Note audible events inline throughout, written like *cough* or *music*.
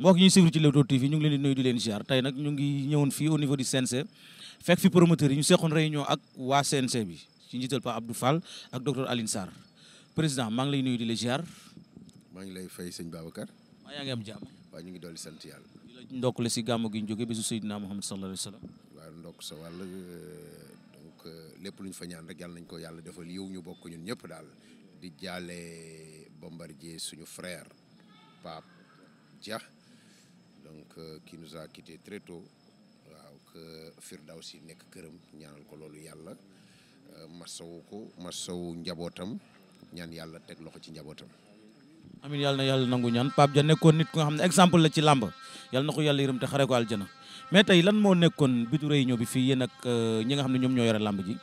mbokk ñuy suivre ci Leewtoo TV ñu ngi leen di nuyu di leen ziar tey nag ñu ngi ñëwoon fii au niveau du CNG fekk fi promoteurs yi ñu seqoon réunion ak waa CNG bi ci njiital Pape Abdou Fall ak docteur Alioune Sarr président maa ngi lay nuyu di la ziar. maa ngi lay fay sëñ Babacar. maa yaa ngi am jàmm. waaw ñu ngi dolli sant yàlla. di la ndokkale si gàmmu gi ñu jógee bésu Seydina Muhammad sallallahu alayhi wa sallam. waaw ndokk sa wàll euh, donc euh, lépp lu ñu fa ñaan rek yàlla nañ ko yàlla defal yiw ñu bokk ñun ñëpp daal di jaale Bombardier suñu frère donc euh, qui nous a quitté très tôt waaw que Firdawsi nekk këram ñaanal ko loolu yàlla euh, masawu ko masawu njabootam ñaan yàlla teg loxo ci njabootam. amin yàlla na yàlla nangu ñaan Pape Dia nekkoon nit ku nga xam ne exemple la ci làmb yàlla na ko yàlla yërëm te xare ko aljana mais tey lan moo nekkoon bitu réunion bi fii yéen ak euh, ñi nga xam ne ñoom ñoo yore làmb ji.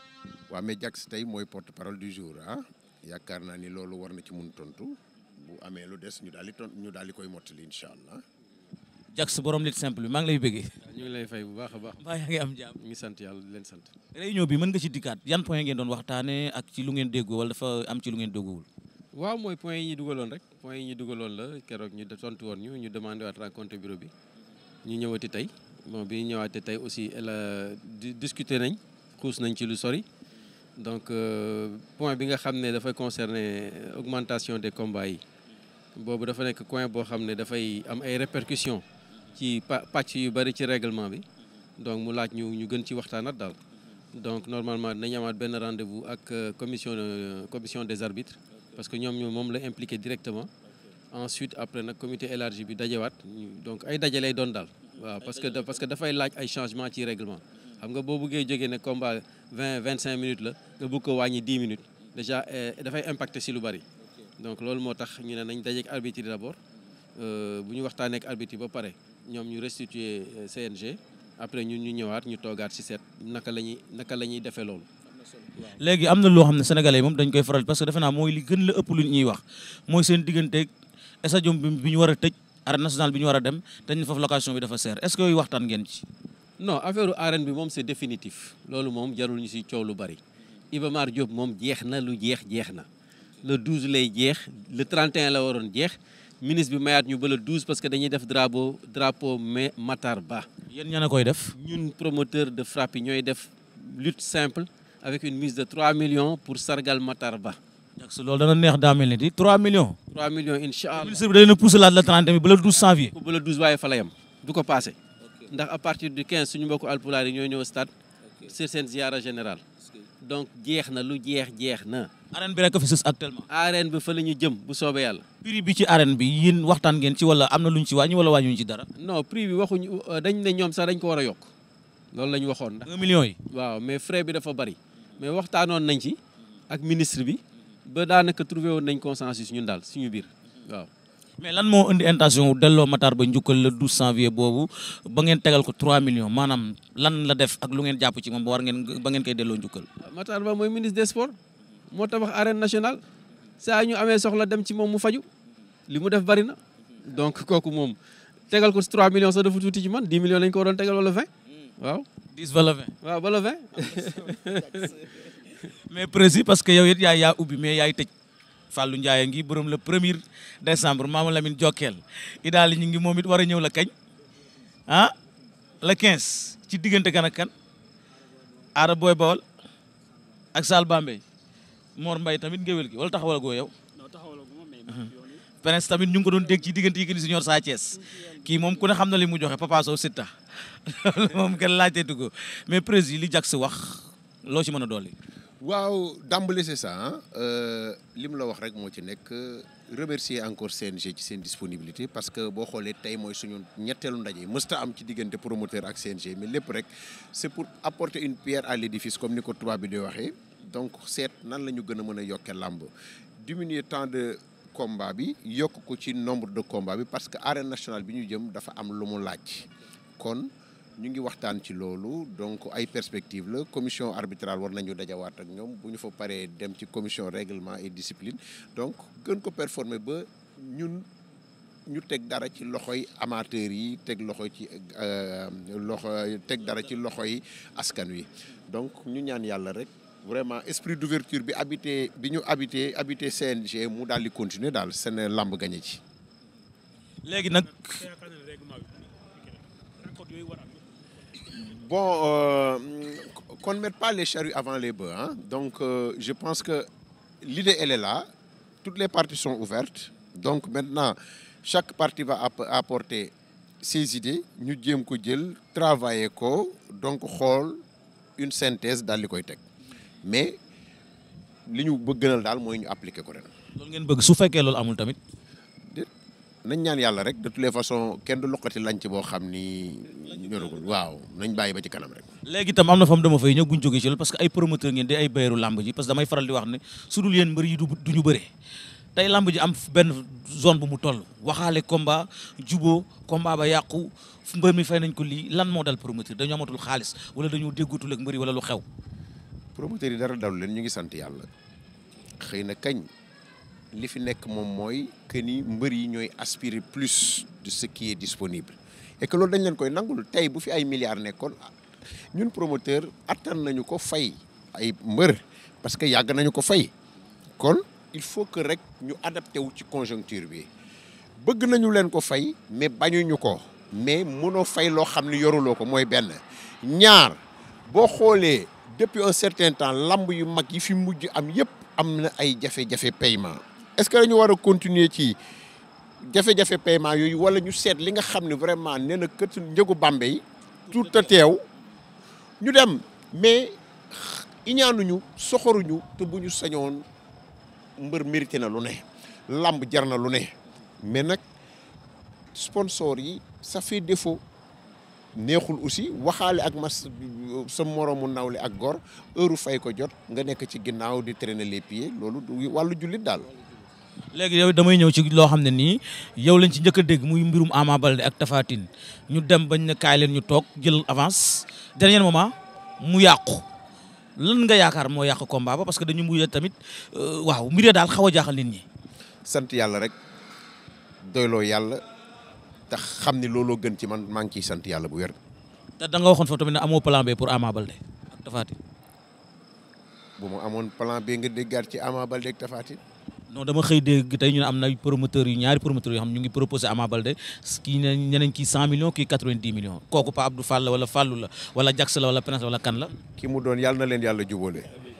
waa mais Jax tey mooy porte parole du jour ah yaakaar naa ni loolu war na ci mun tontu bu amee lu des ñu daal di ñu daal di koy mottali incha allah. Jax borom lit simple bi maa ngi lay bëggee. ñu ngi lay fay bu baax a baax. mbaa yaa ngi am jàmm. ñu sant yàlla leen sant. réunion bi mën nga ci dikkaat yan point ngeen doon waxtaanee ak ci lu ngeen déggoo wala dafa am ci lu ngeen déggoowul. waaw mooy point yi dugaloon rek. point yi ñu dugaloon la keroog ñu tontu woon ñu ñu demandé waat rencontre bureau bi. ñu ñëwati tey bon bi ñu tey aussi la discuter nañ xuus nañ ci lu sori. donc euh, point bi nga xam ne dafa concerner euh, augmentation des combats yi. boobu dafa nekk coin boo xam ne dafay am ay répercussions. ci pàcc yu bari ci règlement bi donc mu laaj ñu ñu gën ci waxtaanat daal donc normalement dinañu amaat benn rendez-vous ak euh, commission commission des arbitres parce que ñoom ñu moom la impliqué directement ensuite après nag comité élargi bi dajewaat donc ay daje lay doon daal waaw parce que parce que dafay laaj ay changement ci règlement xam nga boo bëggee jógee ne combat vingt vingt cinq minutes la nga bëgg ko wàññi dix minutes déjà eh, dafay impacte si lu bari donc loolu moo tax ñu ne nañ dajeek arbitre yi d'abord euh, bu ñu waxtaanee ak ba pare ñoom ñu restituer euh, CNG après ñun ñu ñëwaat ñu toogaat ci set naka la ñuy naka la ñuy defee loolu. léegi am na loo xam ne sénégalais moom dañ koy faral parce que defe naa mooy li gën la ëpp lu ñuy wax mooy seen diggante digganteeg stade bi ñu war a tëj arène nationale bi ñu war a dem te ñu foofu location bi dafa seer est ce que yooyu waxtaan ngeen ci. non affaire arène bi moom c' est définitif loolu moom jarul ñu ci coow lu bari Iba Mar Diop moom jeex na lu jeex jeex na le 12 lay jeex le 31 la waroon jeex. ministre bi mayaat ñu ba le 12 parce que dañuy def drapeau drapeau mais Matar Ba. yéen ña koy def. ñun promoteur de frappe ñooy def lutte simple avec une mise de 3 millions pour sargal Matar Ba. ndax loolu dana neex daa mel ni di 3 millions. 3 millions incha allah ministre bi dana pousse laat la 30 bi ba le 12 janvier. ba waaye fa du ko passé. ndax à partir du 15 suñu mbokku alpulaar yi ñooy ñëw stade. sur seen ziara générale. donc jeex na lu jeex jeex na. arène bi rek fi sus actuellement. arène bi fa la ñu jëm bu soobee yàlla. prix bi ci arène bi yéen waxtaan ngeen ci wala am na lu ñu ci wàññi wala ñu ci dara. non prix bi waxuñu dañ ne ñoom sax dañ ko war a yokk loolu la waxoon. ndax 1 yi. waaw mais frais bi dafa bari mais waxtaanoon nañ ci ak ministre bi ba daanaka trouvé woon nañ consensus ñun daal suñu biir waaw. mais lan moo indi intention delloo Matar ba njukkal le 12 janvier boobu ba ngeen tegal ko 3 millions maanaam lan la def ak lu ngeen jàpp ci moom ba war ngeen ba ngeen koy delloo njukkal. Matar ba mooy ministre des sports moo tabax arène nationale saa ñu amee soxla dem ci moom mu faju li mu def bari na donc kooku moom tegal ko 3 millions sax dafa tuuti ci man 10 millions lañ ko doon tegal wala 20 waaw. 10 wala 20 *laughs* mais précis parce que yow it yaay yaa ubbi mais yaay tëj. Fallou Ndiaye ngi borom la premier décembre Maama Lamine Jokkeel Idaali ñu ngi moom it war a ñëw la kañ ah le 15 ci diggante kan ak kan Aada Boy Bawol ak Sall Bambey Mor Mbaye tamit ngéwél gi wala taxawal goo yow. Prince tamit ñu ngi ko doon dégg ci diggante Yékini Junior Sa Thiès moom ku ne xam na li mu joxe Papa Sow Sitta *laughs* loolu moom kenn laajteetu ko mais président li Jax wax loo ci mën a waaw d'emblée c'est ça euh, li mu la wax rek moo ci nekk remercier encore CNG ci seen disponibilité parce que boo xoolee tey mooy suñu ñetteelu ndaje mësta am ci diggante promoteur ak CNG mi lépp rek c'est pour apporter une pierre à l'édifice comme ni ko tubaab bi di waxee donc seet nan la ñu gën a mën a yokkee làmb diminuer temps de combat bi yokk ko ci nombre de combat bi parce que arène nationale bi ñu jëm dafa am lu mu laaj kon. ñu ngi waxtaan ci loolu donc ay perspectives la commission arbitrale war nañu dajawaat ak ñoom bu ñu fa paree dem ci commission réglement et discipline donc gën ko performer ba ñun ñu teg dara ci loxoy amateurs yi teg loxo ci euh, loxo teg dara ci loxoy askan wi donc ñu ñaan yàlla rek vraiment esprit d'ouverture bi habité bi ñu habité habité CNG mu daal di continuer daal seen làmb gañe ci léegi nag Bon, euh, qu'on ne mette pas les charrues avant les bœufs. Hein? Donc, euh, je pense que l'idée, elle est là. Toutes les parties sont ouvertes. Donc, maintenant, chaque partie va app apporter ses idées. Nous devons travailler, donc, xool une synthèse dans koy teg Mais, li ñu ce que nous voulons, c'est appliquer. Ce su fekkee loolu amul tamit nañ ñaan yàlla rek de toutes les façons kenn du loqati lañ boo xam ni ñoragul waaw nañ bàyyi ba ci kanam rek. léegi tam am na fam dama fay ñëw buñ jógee ci loolu parce que ay promoteur ngeen di ay bayeeru làmb ji parce que damay faral di wax ne su dul yéen mbër yi du ñu bëree tey làmb ji am benn zone bu mu toll waxaale komba juboo combat ba yàqu fu mbër mi fay nañ ko lii lan moo dal promoteur dañu amatul xaalis wala dañoo déggutul ak mbër yi wala lu xew. promoteur yi dara dalu leen ñu ngi sant yàlla na kañ. li fi nekk moom mooy que ni mbër yi ñooy aspirer plus de ce qui est disponible et loolu dañ leen koy nangul tey bu fi ay milliards nekkoon ñun promoteur attan nañu ko fay ay mbër parce que yàgg nañu ko fay kon il faut que rek ñu adapté wu ci conjoncture bi bëgg nañu leen ko fay mais bañuñu ko mais mënoo fay loo xam ni yoruloo ko mooy benn ñaar boo xoolee depuis un certain temps lamb yu mag yi fi mujj am yëpp am na ay jafe-jafe paiement est-ce que dañu war a continuer ci jafe-jafe paiement yooyu wala ñu seet li nga xam ne vraiment nee na kët njëgu Bambey tout te teew ñu dem mais iñaanuñu soxoruñu te bu ñu sañoon mbër mérité na lu ne làmb jar na lu ne mais nag sponsor yi ça fait défaut neexul aussi waxaale ak mas sa moroomu nawle ak gor heure fay ko jot nga nekk ci ginnaaw di traîner les pieds loolu wàllu jullit daal léegi yow damay ñëw ci loo xam ne nii yow lañ ci njëkk a dégg muy mbirum Ama Baldé ak tafaatin ñu dem bañ ne kaay leen ñu toog jël avance dernier moment mu yàqu lan nga yaakaar moo yàq combat ba parce que dañu mujj tamit euh, waaw mbir daal xaw a jaaxal nit ñi. sant yàlla rek doyloo yàlla tax xam ni looloo gën ci man maa ngi ciy sant yàlla bu wér. te da nga waxoon foofu tamit ne amoo plan B pour Ama Baldé ak Tapha bu mu amoon plan bee nga déggaat ci Ama Baldé ak non dama xëy dégg tey ñu ne am na promoteurs yu ñaari promoteurs yoo xam ñu ngi proposé Ama Baldé kii ne ñeneen kii 100 millions kii 90 millions kooku Pa Abdou Fall la wala Fallou la wala Jax la wala Prince la wala kan la. ki mu doon yàlla na leen yàlla jubóole.